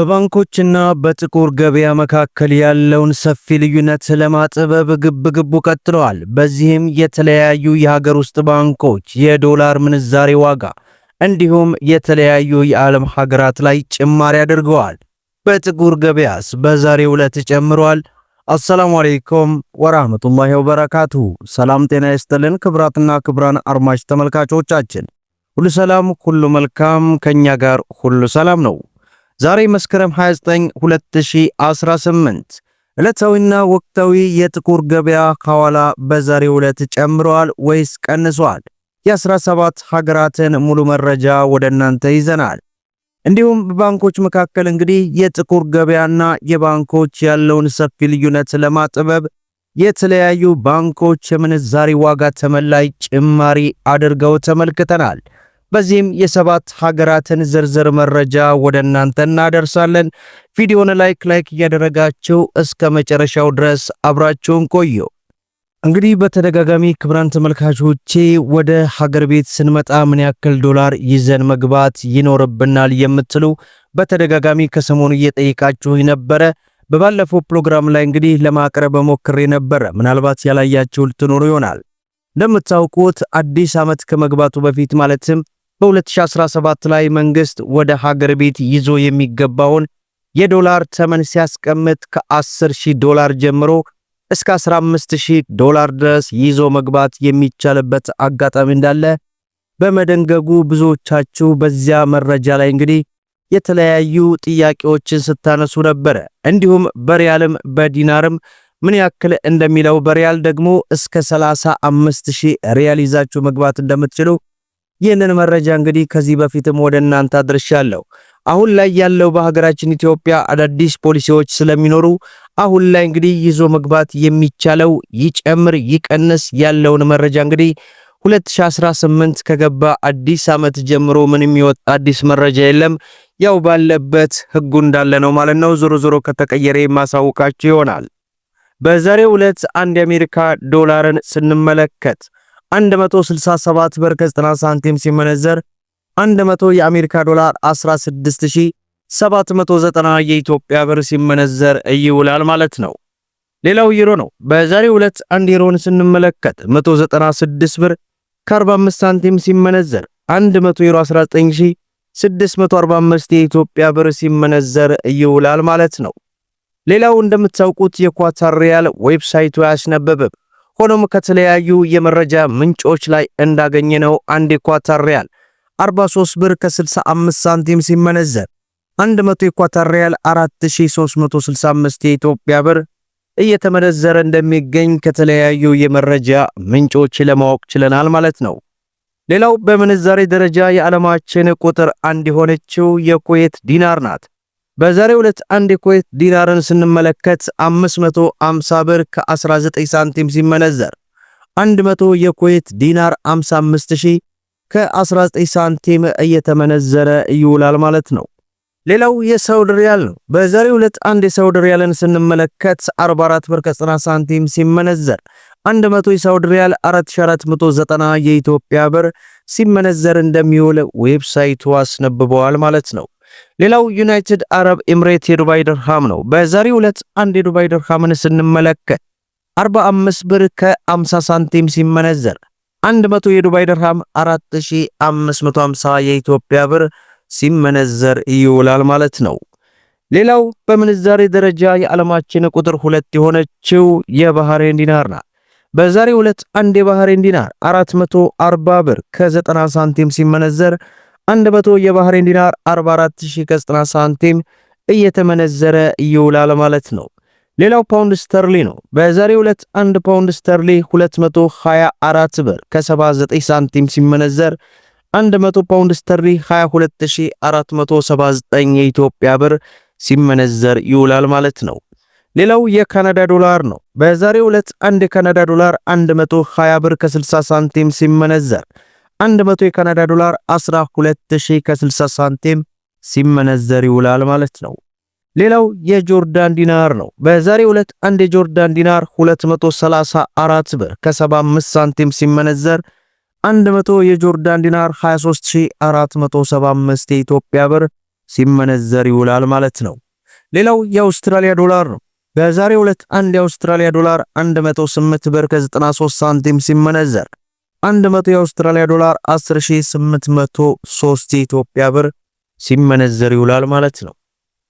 በባንኮችና በጥቁር ገበያ መካከል ያለውን ሰፊ ልዩነት ለማጥበብ ግብግቡ ቀጥለዋል። በዚህም የተለያዩ የሀገር ውስጥ ባንኮች የዶላር ምንዛሬ ዋጋ እንዲሁም የተለያዩ የዓለም ሀገራት ላይ ጭማሪ አድርገዋል። በጥቁር ገበያስ በዛሬው ዕለት ጨምሯል። አሰላሙ አለይኩም ወራህመቱላሂ ወበረካቱ። ሰላም ጤና ይስጥልን ክብራትና ክብራን አድማጭ ተመልካቾቻችን ሁሉ ሰላም ሁሉ መልካም፣ ከኛ ጋር ሁሉ ሰላም ነው። ዛሬ መስከረም 29 2018 ዕለታዊና ወቅታዊ የጥቁር ገበያ ሐዋላ በዛሬው ዕለት ጨምረዋል ወይስ ቀንሷል? የ17 ሀገራትን ሙሉ መረጃ ወደ እናንተ ይዘናል። እንዲሁም በባንኮች መካከል እንግዲህ የጥቁር ገበያና የባንኮች ያለውን ሰፊ ልዩነት ለማጥበብ የተለያዩ ባንኮች የምንዛሪ ዋጋ ተመላይ ጭማሪ አድርገው ተመልክተናል። በዚህም የሰባት ሀገራትን ዝርዝር መረጃ ወደ እናንተ እናደርሳለን። ቪዲዮን ላይክ ላይክ እያደረጋችሁ እስከ መጨረሻው ድረስ አብራችሁን ቆዩ። እንግዲህ በተደጋጋሚ ክቡራን ተመልካቾቼ ወደ ሀገር ቤት ስንመጣ ምን ያክል ዶላር ይዘን መግባት ይኖርብናል የምትሉ በተደጋጋሚ ከሰሞኑ እየጠየቃችሁ ነበረ። በባለፈው ፕሮግራም ላይ እንግዲህ ለማቅረብ ሞክሬ ነበረ። ምናልባት ያላያችሁ ልትኖሩ ይሆናል። እንደምታውቁት አዲስ ዓመት ከመግባቱ በፊት ማለትም በ2017 ላይ መንግስት ወደ ሀገር ቤት ይዞ የሚገባውን የዶላር ተመን ሲያስቀምጥ ከ10000 ዶላር ጀምሮ እስከ 15000 ዶላር ድረስ ይዞ መግባት የሚቻልበት አጋጣሚ እንዳለ በመደንገጉ ብዙዎቻችሁ በዚያ መረጃ ላይ እንግዲህ የተለያዩ ጥያቄዎችን ስታነሱ ነበረ። እንዲሁም በሪያልም በዲናርም ምን ያክል እንደሚለው በሪያል ደግሞ እስከ 35000 ሪያል ይዛችሁ መግባት እንደምትችሉ ይህንን መረጃ እንግዲህ ከዚህ በፊትም ወደ እናንተ አድርሻለሁ። አሁን ላይ ያለው በሀገራችን ኢትዮጵያ አዳዲስ ፖሊሲዎች ስለሚኖሩ አሁን ላይ እንግዲህ ይዞ መግባት የሚቻለው ይጨምር ይቀንስ ያለውን መረጃ እንግዲህ 2018 ከገባ አዲስ ዓመት ጀምሮ ምን የሚወጣ አዲስ መረጃ የለም። ያው ባለበት ህጉ እንዳለ ነው ማለት ነው። ዞሮ ዞሮ ከተቀየረ የማሳውቃችሁ ይሆናል። በዛሬው ዕለት አንድ የአሜሪካ ዶላርን ስንመለከት 167 ብር ከ90 ሳንቲም ሲመነዘር 100 የአሜሪካ ዶላር 16790 የኢትዮጵያ ብር ሲመነዘር ይውላል ማለት ነው። ሌላው ዩሮ ነው። በዛሬው ዕለት አንድ ዩሮን ስንመለከት 196 ብር ከ45 ሳንቲም ሲመነዘር 100 ዩሮ 19645 የኢትዮጵያ ብር ሲመነዘር ይውላል ማለት ነው። ሌላው እንደምታውቁት የኳታር ሪያል ዌብሳይቱ አያስነበብም። ሆኖም ከተለያዩ የመረጃ ምንጮች ላይ እንዳገኘነው አንድ የኳታር ሪያል 43 ብር ከ65 ሳንቲም ሲመነዘር 100 የኳታር ሪያል 4365 የኢትዮጵያ ብር እየተመነዘረ እንደሚገኝ ከተለያዩ የመረጃ ምንጮች ለማወቅ ችለናል ማለት ነው። ሌላው በምንዛሬ ደረጃ የዓለማችን ቁጥር አንድ የሆነችው የኩዌት ዲናር ናት። በዛሬ ሁለት አንድ የኩዌት ዲናርን ስንመለከት 550 ብር ከ19 ሳንቲም ሲመነዘር 100 የኩዌት ዲናር 55000 ከ19 ሳንቲም እየተመነዘረ ይውላል ማለት ነው። ሌላው የሳውዲ ሪያል ነው። በዛሬው ዕለት አንድ የሳውዲ ሪያልን ስንመለከት 44 ብር ከ90 ሳንቲም ሲመነዘር 100 የሳውዲ ሪያል 4490 የኢትዮጵያ ብር ሲመነዘር እንደሚውል ዌብሳይቱ አስነብበዋል ማለት ነው። ሌላው ዩናይትድ አረብ ኤምሬት የዱባይ ድርሃም ነው። በዛሬው ዕለት አንድ የዱባይ ድርሃምን ስንመለከት 45 ብር ከ50 ሳንቲም ሲመነዘር 100 የዱባይ ድርሃም 4550 የኢትዮጵያ ብር ሲመነዘር ይውላል ማለት ነው። ሌላው በምንዛሬ ደረጃ የዓለማችን ቁጥር ሁለት የሆነችው የባህሬን ዲናር ናት። በዛሬው ዕለት አንድ የባህሬን ዲናር 440 ብር ከ90 ሳንቲም ሲመነዘር 100 የባህሬን ዲናር 44090 ሳንቲም እየተመነዘረ ይውላል ማለት ነው። ሌላው ፓውንድ ስተርሊ ነው። በዛሬው ዕለት 1 ፓውንድ ስተርሊ 224 ብር ከ79 ሳንቲም ሲመነዘር 100 ፓውንድ ስተርሊ 22479 የኢትዮጵያ ብር ሲመነዘር ይውላል ማለት ነው። ሌላው የካናዳ ዶላር ነው። በዛሬው ዕለት 1 የካናዳ ዶላር 120 ብር ከ60 ሳንቲም ሲመነዘር 100 የካናዳ ዶላር 12000 ከ ሳንቲም ሲመነዘር ይውላል ማለት ነው። ሌላው የጆርዳን ዲናር ነው። በዛሬው ዕለት አንድ የጆርዳን ዲናር 234 ብር ከ75 ሳንቲም ሲመነዘር 100 የጆርዳን ዲናር 23475 የኢትዮጵያ ብር ሲመነዘር ይውላል ማለት ነው። ሌላው የአውስትራሊያ ዶላር ነው። በዛሬው ዕለት አንድ የአውስትራሊያ ዶላር 108 ብር ከ93 ሳንቲም ሲመነዘር 100 የአውስትራሊያ ዶላር 10803 የኢትዮጵያ ብር ሲመነዘር ይውላል ማለት ነው።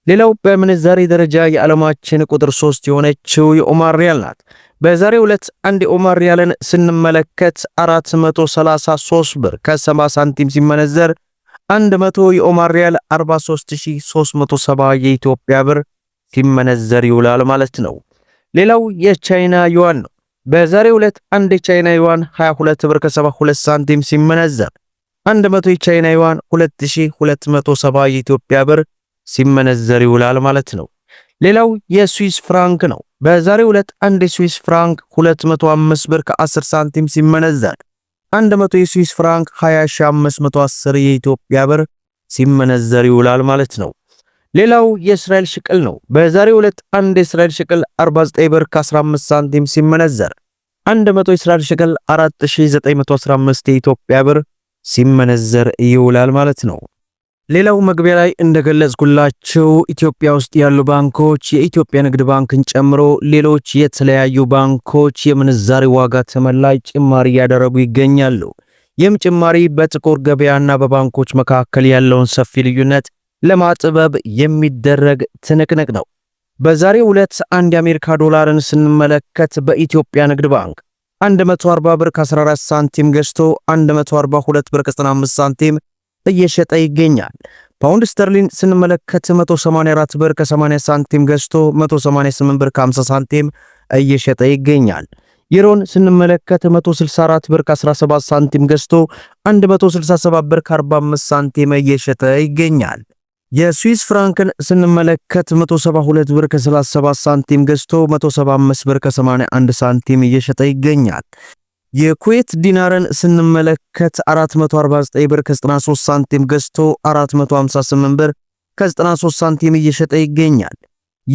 ሌላው በምንዛሬ ደረጃ የዓለማችን ቁጥር 3 የሆነችው የኦማር ሪያል ናት። በዛሬው ዕለት አንድ የኦማር ሪያልን ስንመለከት 433 ብር ከ70 ሳንቲም ሲመነዘር 100 የኦማር ሪያል 43370 የኢትዮጵያ ብር ሲመነዘር ይውላል ማለት ነው። ሌላው የቻይና ዩዋን ነው። በዛሬው ዕለት አንድ የቻይና ዩዋን 22 ብር ከ72 ሳንቲም ሲመነዘር 100 የቻይና ዩዋን 2270 የኢትዮጵያ ብር ሲመነዘር ይውላል ማለት ነው። ሌላው የስዊስ ፍራንክ ነው። በዛሬው ዕለት አንድ የስዊስ ፍራንክ 205 ብር ከ10 ሳንቲም ሲመነዘር 100 የስዊስ ፍራንክ 20510 የኢትዮጵያ ብር ሲመነዘር ይውላል ማለት ነው። ሌላው የእስራኤል ሽቅል ነው። በዛሬው ዕለት አንድ የእስራኤል ሽቅል 49 ብር ከ15 ሳንቲም ሲመነዘር 100 የእስራኤል ሽቅል 4915 የኢትዮጵያ ብር ሲመነዘር ይውላል ማለት ነው። ሌላው መግቢያ ላይ እንደገለጽኩላችሁ ኢትዮጵያ ውስጥ ያሉ ባንኮች የኢትዮጵያ ንግድ ባንክን ጨምሮ ሌሎች የተለያዩ ባንኮች የምንዛሬ ዋጋ ተመላይ ጭማሪ እያደረጉ ይገኛሉ። ይህም ጭማሪ በጥቁር ገበያና በባንኮች መካከል ያለውን ሰፊ ልዩነት ለማጥበብ የሚደረግ ትንቅንቅ ነው። በዛሬው ዕለት አንድ የአሜሪካ ዶላርን ስንመለከት በኢትዮጵያ ንግድ ባንክ 140 ብር ከ14 ሳንቲም ገዝቶ 142 ብር ከ95 ሳንቲም እየሸጠ ይገኛል። ፓውንድ ስተርሊን ስንመለከት 184 ብር ከ80 ሳንቲም ገዝቶ 188 ብር ከ50 ሳንቲም እየሸጠ ይገኛል። ዩሮን ስንመለከት 164 ብር ከ17 ሳንቲም ገዝቶ 167 ብር ከ45 ሳንቲም እየሸጠ ይገኛል። የስዊስ ፍራንክን ስንመለከት 172 ብር ከ37 ሳንቲም ገዝቶ 175 ብር ከ81 ሳንቲም እየሸጠ ይገኛል። የኩዌት ዲናርን ስንመለከት 449 ብር ከ93 ሳንቲም ገዝቶ 458 ብር ከ93 ሳንቲም እየሸጠ ይገኛል።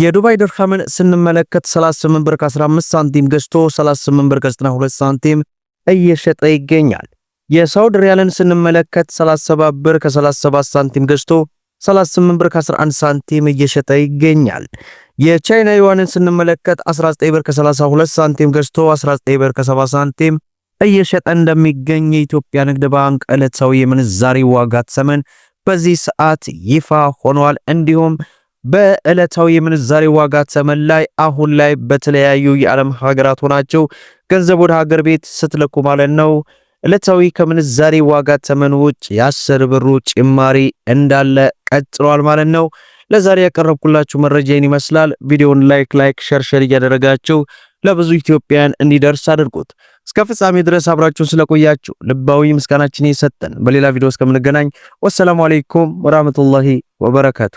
የዱባይ ድርሃምን ስንመለከት 38 ብር ከ15 ሳንቲም ገዝቶ 38 ብር ከ92 ሳንቲም እየሸጠ ይገኛል። የሳውድ ሪያልን ስንመለከት 37 ብር ከ37 ሳንቲም ገዝቶ 38 ብር ከ11 ሳንቲም እየሸጠ ይገኛል። የቻይና ዩዋንን ስንመለከት 19 ብር ከ32 ሳንቲም ገዝቶ 19 ብር ከ70 ሳንቲም እየሸጠ እንደሚገኝ የኢትዮጵያ ንግድ ባንክ ዕለታዊ የምንዛሬ ዋጋ ተመን በዚህ ሰዓት ይፋ ሆኗል። እንዲሁም በዕለታዊ የምንዛሬ ዋጋ ተመን ላይ አሁን ላይ በተለያዩ የዓለም ሀገራት ሆናችሁ ገንዘብ ወደ ሀገር ቤት ስትልኩ ማለት ነው ዕለታዊ ከምንዛሬ ዋጋ ተመን ውጭ የአስር ብሩ ጭማሪ እንዳለ ቀጥሏል ማለት ነው። ለዛሬ ያቀረብኩላችሁ መረጃ ይህን ይመስላል። ቪዲዮውን ላይክ ላይክ ሸር እያደረጋችሁ ለብዙ ኢትዮጵያን እንዲደርስ አድርጉት። እስከ ፍጻሜ ድረስ አብራችሁን ስለቆያችሁ ልባዊ ምስጋናችን እየሰጠን በሌላ ቪዲዮ እስከምንገናኝ ወሰላሙ አሌይኩም ወራህመቱላሂ ወበረካቱ።